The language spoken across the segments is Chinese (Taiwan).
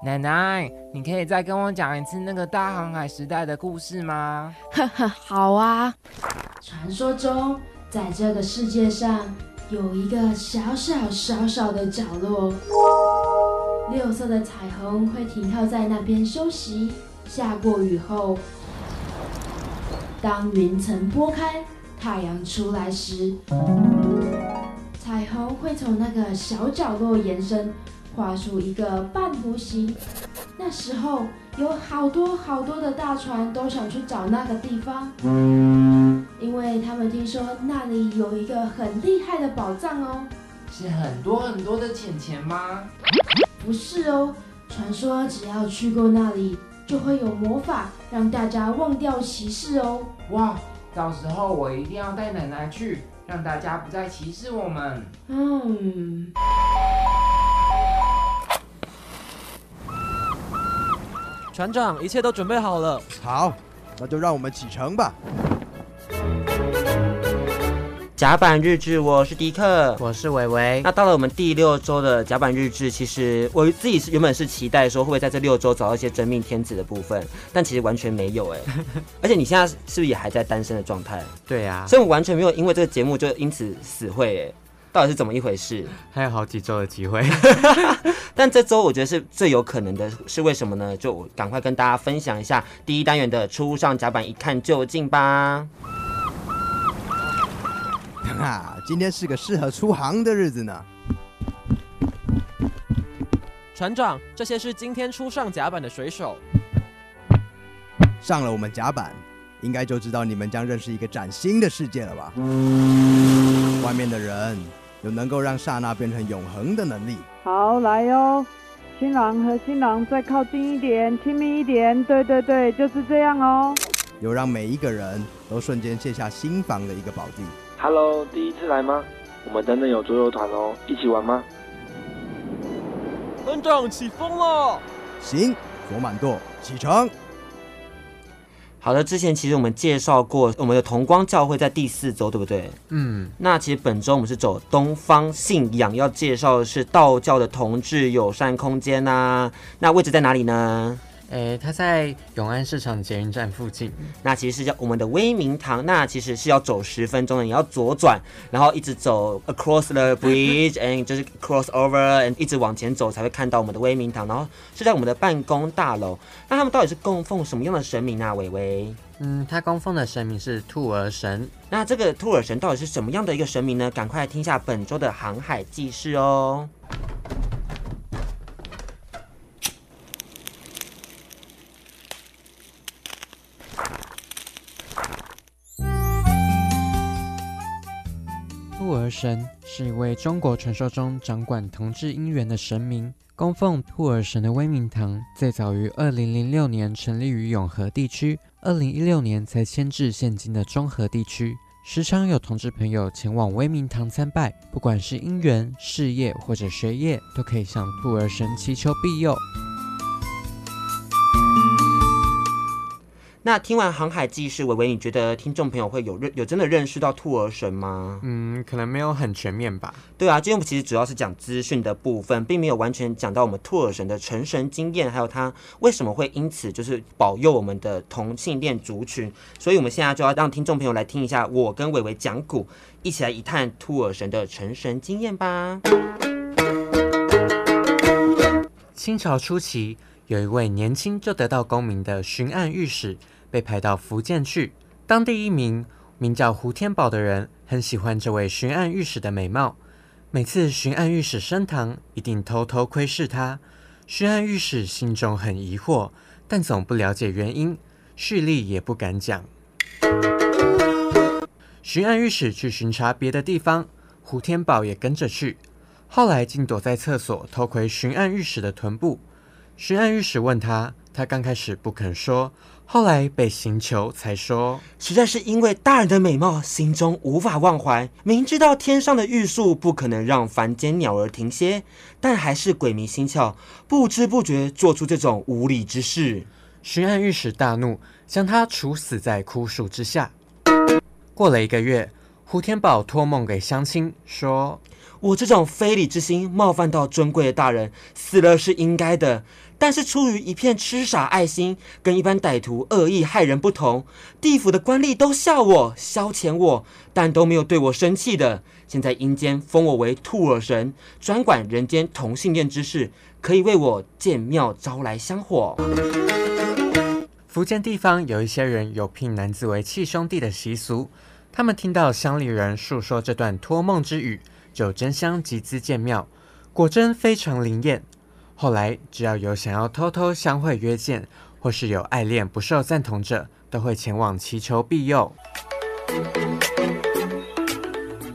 奶奶，你可以再跟我講一次那個大航海時代的故事嗎？哈哈，好啊，傳說中，在這個世界上有一個小小小小的角落，六色的彩虹會停靠在那邊休息。下過雨後，當雲層撥開，太陽出來時，彩虹會從那個小角落延伸。畫出一個半弧形。那時候有好多好多的大船都想去找那個地方。嗯，因為他們聽說那裡有一個很厲害的寶藏哦。是很多很多的錢錢嗎？不是哦，傳說只要去過那裡，就會有魔法讓大家忘掉歧視哦。哇，到時候我一定要帶奶奶去，讓大家不再歧視我們。嗯。船長，一切都準備好了。好，那就讓我們啟程吧。甲板日誌，我是迪克，我是維維。那到了我們第六周的甲板日誌，其實我自己是原本是期待說會不會在這六周找到一些真命天子的部分，但其實完全沒有欸。而且你現在是不是也還在單身的狀態？對啊。所以我完全沒有因為這個節目就因此死會欸，到底是怎麼一回事？還有好幾周的機會。 但這周我覺得是最有可能的，是為什麼呢？就趕快跟大家分享一下第一單元的初上甲板一看究竟吧。啊，今天是個適合出航的日子呢。船長，這些是今天初上甲板的水手。上了我們甲板，應該就知道你們將認識一個嶄新的世界了吧。外面的人。能夠讓剎那變成永恆的能力。好，來哦，新郎和新郎再靠近一點，親密一點。對對對，就是這樣哦。有讓每一個人都瞬間卸下心防的一個寶地。Hello，第一次來嗎？我們等等有桌遊團哦，一起玩嗎？班長，起風了。行，左滿舵，啟程。好的，之前其實我們介紹過我們的同光教會，在第四周，對不對？嗯，那其實本周我們是走東方信仰，要介紹的是道教的同志友善空間吶、啊，那位置在哪裡呢？欸，他在永安市場捷運站附近。那其實是叫我們的威明堂，那其實是要走十分鐘的，你要左轉，然後一直走 across the bridge，and 就是 cross over，and 一直往前走才會看到我們的威明堂。然後是在我們的辦公大樓。那他們到底是供奉什麼樣的神明呢、啊？偉偉，嗯，他供奉的神明是兔兒神。那這個兔兒神到底是什麼樣的一個神明呢？趕快來聽一下本周的航海記事哦。神是一位中國傳說中掌管同志姻緣的神明，供奉兔兒神的威明堂最早於二零零六年成立於永和地區，二零一六年才遷至現今的中和地區。時常有同志朋友前往威明堂參拜，不管是姻緣、事業或者學業，都可以向兔兒神祈求庇佑。 那聽完《航海記事》，偉偉，你覺得聽眾朋友會有認有真的認識到兔兒神嗎？嗯，可能沒有很全面吧。對啊，今天我們其實主要是講資訊的部分，並沒有完全講到我們兔兒神的成神經驗，還有他為什麼會因此就是保佑我們的同性戀族群。所以，我們現在就要讓聽眾朋友來聽一下我跟偉偉講古，一起來一探兔兒神的成神經驗吧。清朝初期。有一位年輕就得到功名的巡按御史，被派到福建去。當地一名名叫胡天寶的人，很喜歡這位巡按御史的美貌。每次巡按御史升堂，一定偷偷窺視他。巡按御史心中很疑惑，但總不了解原因，胥吏也不敢講。巡按御史去巡查別的地方，胡天寶也跟着去。後來竟躲在廁所偷窺巡按御史的臀部。巡按御史問他，他剛開始不肯說，後來被刑求才說，實在是因為大人的美貌，心中無法忘懷。明知道天上的玉樹不可能讓凡間鳥兒停歇，但還是鬼迷心竅，不知不覺做出這種無理之事。巡按御史大怒，將他處死在枯樹之下。過了一個月，胡天寶托夢給鄉親說：“我這種非禮之心，冒犯到尊貴的大人，死了是應該的。”但是出於一片痴傻愛心，跟一般歹徒惡意害人不同，地府的官吏都笑我、消遣我，但都沒有對我生氣的。現在陰間封我為兔兒神，專管人間同性戀之事，可以為我建廟招來香火。福建地方有一些人有聘男子為契兄弟的習俗，他們聽到鄉里人訴說這段託夢之語，就爭相集資建廟，果真非常靈驗。後來，只要有想要偷偷相會約見，或是有愛戀不受贊同者，都會前往祈求庇佑。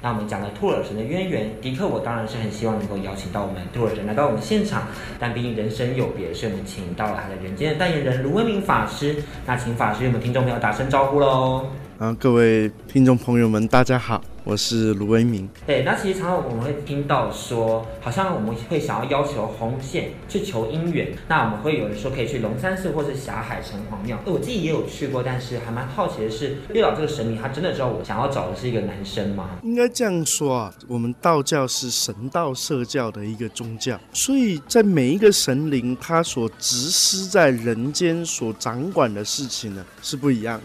那我們講了兔兒神的淵源， 迪克，我當然是很希望能夠邀請到我們兔兒神來到我們現場，但畢竟人生有別，所以我們請到了他的人間的代言人盧威明法師。那請法師與我們聽眾朋友打聲招呼嘍。嗯，各位聽眾朋友們，大家好。我是盧威明。對，那其實常常我們會聽到說，好像我們會想要要求紅線去求姻緣，那我們會有人說可以去龍山寺或是霞海城隍廟。我自己也有去過，但是還蠻好奇的是，月老這個神明，他真的知道我想要找的是一個男生嗎？應該這樣說啊，我們道教是神道社教的一個宗教，所以在每一個神靈他所執司、在人間所掌管的事情呢是不一樣的。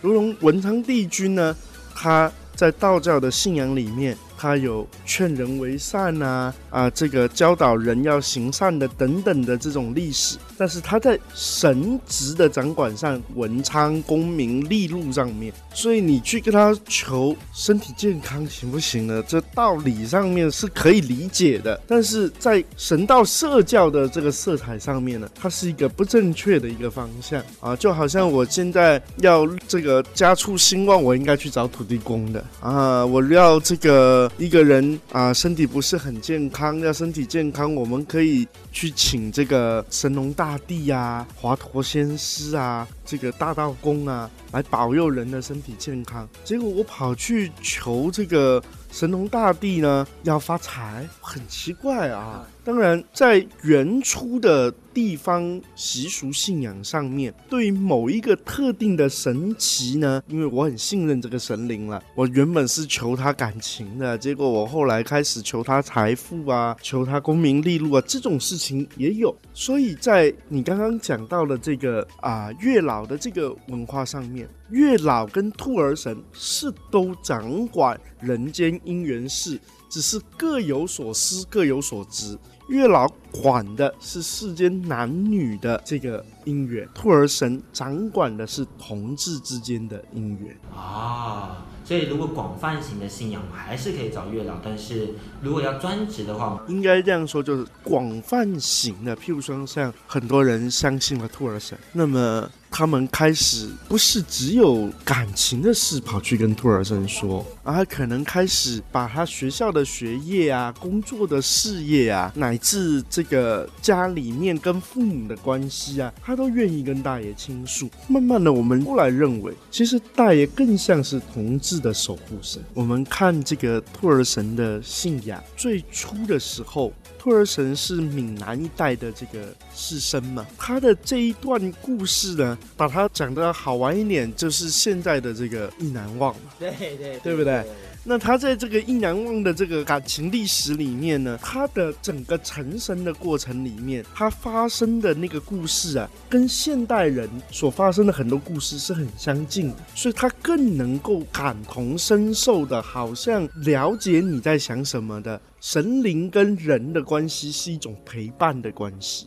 如同文昌帝君呢，他。在道教的信仰裡面，它有勸人為善吶，啊，啊，這個教導人要行善的等等的這種歷史。但是他在神職的掌管上，文昌、功名利祿上面，所以你去跟他求身體健康行不行呢？這道理上面是可以理解的，但是在神道社教的這個色彩上面呢，它是一個不正確的一個方向啊！就好像我現在要這個家畜興旺，我應該去找土地公的啊！我要這個一個人啊，身體不是很健康，要身體健康，我們可以去請這個神農大帝呀，、啊、華佗仙師啊、這個大道公啊來保佑人的身體健康，結果我跑去求這個神農大帝呢，要發財，很奇怪啊。當然，在原初的地方習俗信仰上面，對於某一個特定的神祇呢，因為我很信任這個神靈了，我原本是求他感情的，結果我後來開始求他財富啊，求他功名利祿啊，這種事情也有。所以在你剛剛講到的這個啊、呃、月老的這個文化上面，月老跟兔兒神是都掌管人間姻緣事，只是各有所司，各有所職。月老管的是世間男女的這個姻緣，兔兒神掌管的是同志之間的姻緣啊。所以，如果廣泛型的信仰，還是可以找月老；但是如果要專職的話，應該這樣說，就是廣泛型的，譬如說像很多人相信了兔兒神，那麼。他們開始不是只有感情的事跑去跟兔兒神說，而他可能開始把他學校的學業啊、工作的事業啊，乃至這個家裡面跟父母的關係啊，他都願意跟大爺傾訴。慢慢的，我們後來認為，其實大爺更像是同志的守護神。我們看這個兔兒神的信仰，最初的時候，兔兒神是閩南一帶的這個士紳嘛，他的這一段故事呢，把它講得好玩一點，就是現在的這個意難忘嘛，對對對，對不對？對對對那他在這個意難忘的這個感情歷史裡面呢，他的整個成神的過程裡面，他發生的那個故事啊，跟現代人所發生的很多故事是很相近的，所以他更能夠感同身受的，好像了解你在想什麼的。神靈跟人的關係是一種陪伴的關係。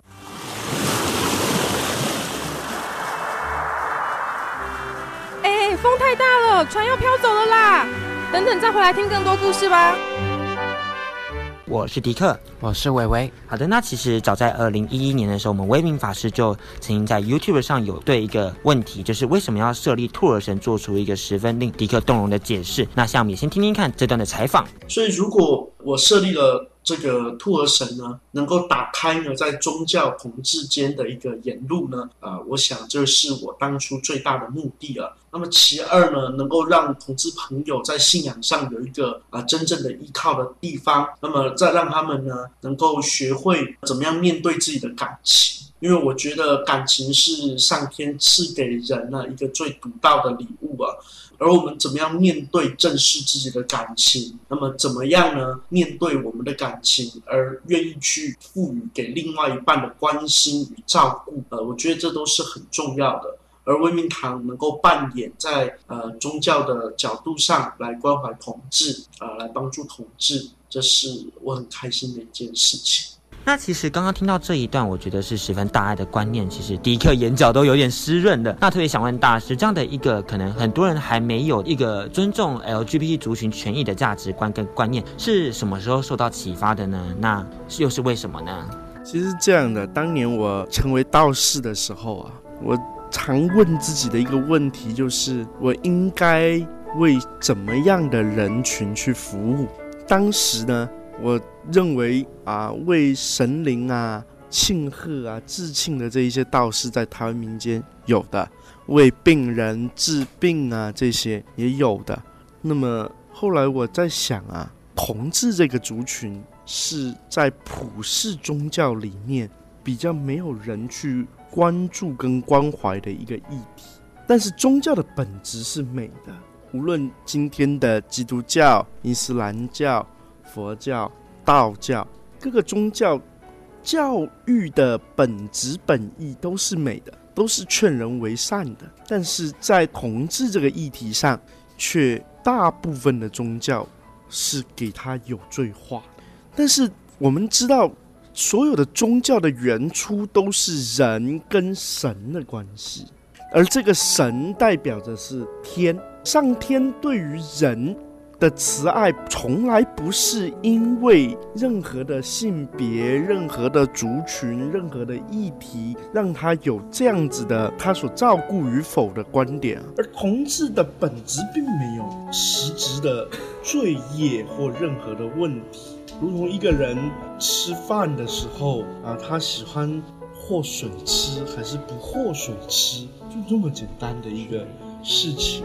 哎，風太大了，船要飄走了啦！等等，再回來聽更多故事吧。我是迪克，我是薇薇。好的，那其實早在二零一一年的時候，我們威明法師就曾經在 YouTube 上有對一個問題，就是為什麼要設立兔兒神，做出一個十分令迪克動容的解釋。那下面先聽聽看這段的採訪。所以，如果我設立了這個兔兒神呢，能夠打開呢在宗教同志間的一個演路呢，啊、呃，我想這是我當初最大的目的了。那麼其二呢，能夠讓同志朋友在信仰上有一個啊、呃、真正的依靠的地方，那麼再讓他們呢能夠學會怎麼樣面對自己的感情，因為我覺得感情是上天賜給人呢、啊、一個最獨到的禮物啊。而我們怎麼樣面對正視自己的感情，那麼怎麼樣呢面對我們的感情而願意去賦予給另外一半的關心與照顧，呃，我覺得這都是很重要的。而威明堂能夠扮演在呃宗教的角度上來關懷同志，呃，來幫助同志，這是我很開心的一件事情。那其實剛剛聽到這一段，我覺得是十分大愛的觀念。其實迪克眼角都有點濕潤的。那特別想問大師，這樣的一個可能很多人還沒有一個尊重 LGBT 族群權益的價值觀跟觀念，是什麼時候受到啟發的呢？那又是為什麼呢？其實這樣的，當年我成為道士的時候啊，我。常問自己的一個問題就是：我應該為怎麼樣的人群去服務？當時呢，我認為啊，為神靈啊、慶賀啊、致慶的這一些道士，在台灣民間有的；為病人治病啊，這些也有的。那麼後來我在想啊，同志這個族群是在普世宗教裡面比較沒有人去。關注跟關懷的一個議題，但是宗教的本質是美的。無論今天的基督教、伊斯蘭教、佛教、道教，各個宗教教育的本質本意都是美的，都是勸人為善的。但是在同志這個議題上，卻大部分的宗教是給他有罪化的。但是我們知道。所有的宗教的原初都是人跟神的關係，而這個神代表的是天上天對於人的慈愛，從來不是因為任何的性別、任何的族群、任何的議題讓他有這樣子的他所照顧與否的觀點。而同志的本質並沒有實質的罪業或任何的問題。如同一個人吃飯的時候啊，他喜歡和水吃還是不和水吃，就這麼簡單的一個事情。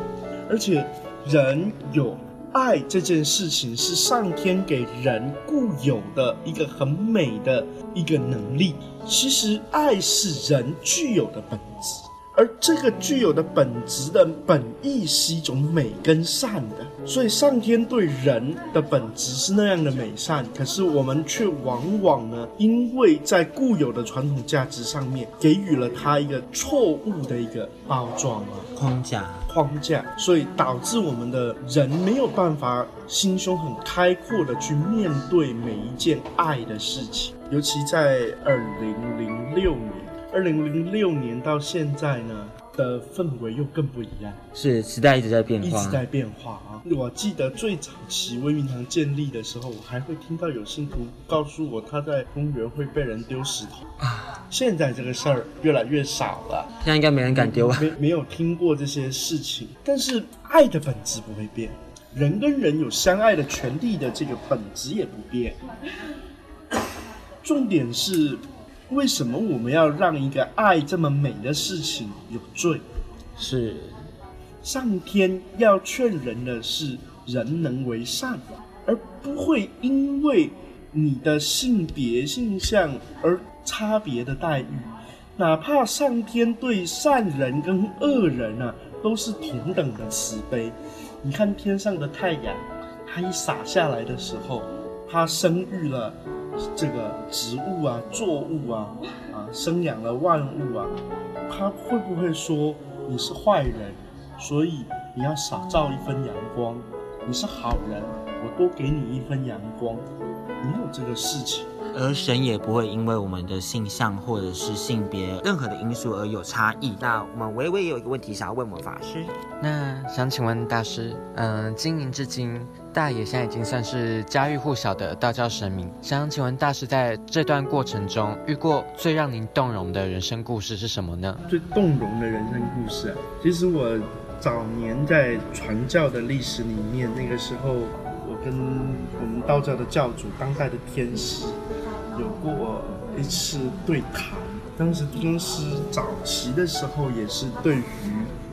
而且，人有愛這件事情是上天給人固有的一個很美的一個能力。其實，愛是人具有的本質。而這個具有的本質的本意是一種美跟善的，所以上天對人的本質是那樣的美善，可是我們卻往往呢，因為在固有的傳統價值上面給予了它一個錯誤的一個包裝啊，框架框架，所以導致我們的人沒有辦法心胸很開闊的去面對每一件愛的事情，尤其在二零零六年。二零零六年到現在呢，的氛圍又更不一樣。是時代一直在變化，一直在變化啊！我記得最早期威明堂建立的時候，我還會聽到有信徒告訴我，他在公園會被人丟石頭啊。現在這個事兒越來越少了，現在應該沒人敢丟了，嗯。沒沒有聽過這些事情，但是愛的本質不會變，人跟人有相愛的權利的這個本質也不變。重點是。為什麼我們要讓一個愛這麼美的事情有罪？是上天要勸人的是人能為善，而不會因為你的性別、性向而差別的待遇。哪怕上天對善人跟惡人啊，都是同等的慈悲。你看天上的太陽，它一灑下來的時候，它生育了啊。這個植物啊，作物啊，啊，生養了萬物啊，他會不會說你是壞人，所以你要少照一分陽光？你是好人，我多給你一分陽光，你沒有這個事情。而神也不會因為我們的性向或者是性別任何的因素而有差異。那我們微微也有一個問題想要問問法師，那想請問大師，嗯、呃，經營至今。大爺現在已經算是家喻戶曉的道教神明，想請問大師在這段過程中遇過最讓您動容的人生故事是什麼呢？最動容的人生故事啊，其實我早年在傳教的歷史裡面，那個時候我跟我們道教的教主當代的天師有過一次對談。當時天師早期的時候也是對於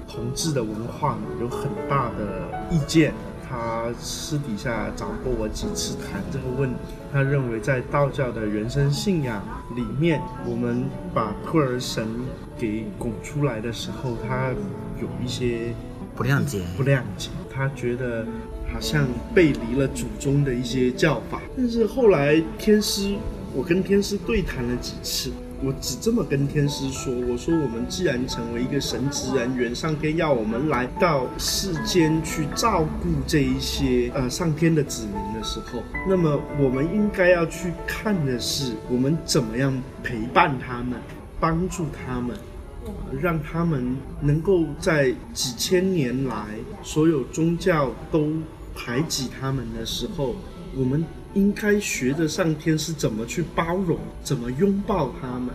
同志的文化有很大的意見。他私底下找過我幾次談這個問題。他認為在道教的人生信仰裡面，我們把兔兒神給拱出來的時候，他有一些不諒解，不諒解。他覺得好像背離了祖宗的一些教法。但是後來天師，我跟天師對談了幾次。我只這麼跟天師說：“我說，我們既然成為一個神職人員，上天要我們來到世間去照顧這一些呃上天的子民的時候，那麼我們應該要去看的是，我們怎麼樣陪伴他們，幫助他們，呃、讓他們能夠在幾千年來所有宗教都排擠他們的時候，我們。”應該學着上天是怎麼去包容，怎麼擁抱他們。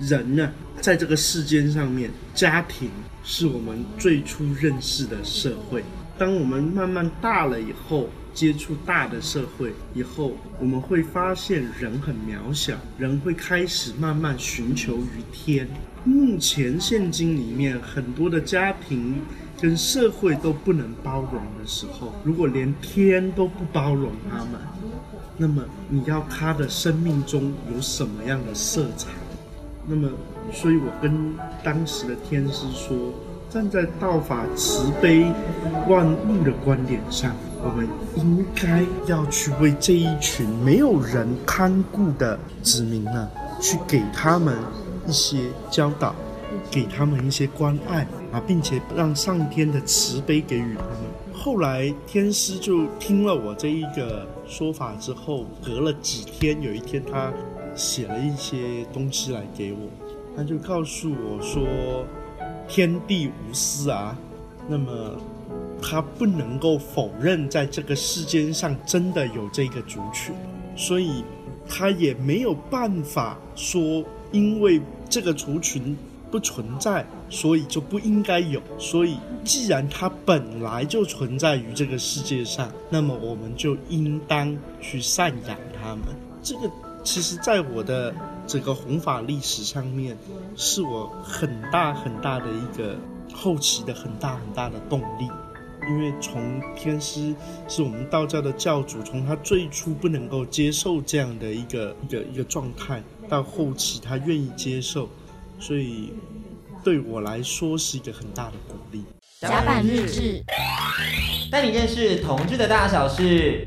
人呢、啊，在這個世間上面，家庭是我們最初認識的社會。當我們慢慢大了以後，接觸大的社會以後，我們會發現人很渺小，人會開始慢慢尋求於天。目前現今裡面很多的家庭跟社會都不能包容的時候，如果連天都不包容他們，那麼你要他的生命中有什麼樣的色彩？那麼，所以我跟當時的天師說，站在道法慈悲萬物的觀點上，我們應該要去為這一群沒有人看顧的子民呢，去給他們一些教導，給他們一些關愛啊，並且讓上天的慈悲給予他們。後來天師就聽了我這一個說法之後，隔了幾天，有一天他寫了一些東西來給我，他就告訴我說：“天地無私啊，那麼他不能夠否認在這個世間上真的有這個族群，所以他也沒有辦法說因為這個族群。”不存在，所以就不應該有。所以，既然它本來就存在於這個世界上，那麼我們就應當去贍養他們。這個其實，在我的這個弘法歷史上面，是我很大很大的一個後期的很大很大的動力。因為從天師是我們道教的教主，從他最初不能夠接受這樣的一個一個一個狀態，到後期他願意接受。所以，對我來說是一個很大的鼓勵。甲板日誌，帶你認識同志的大小事。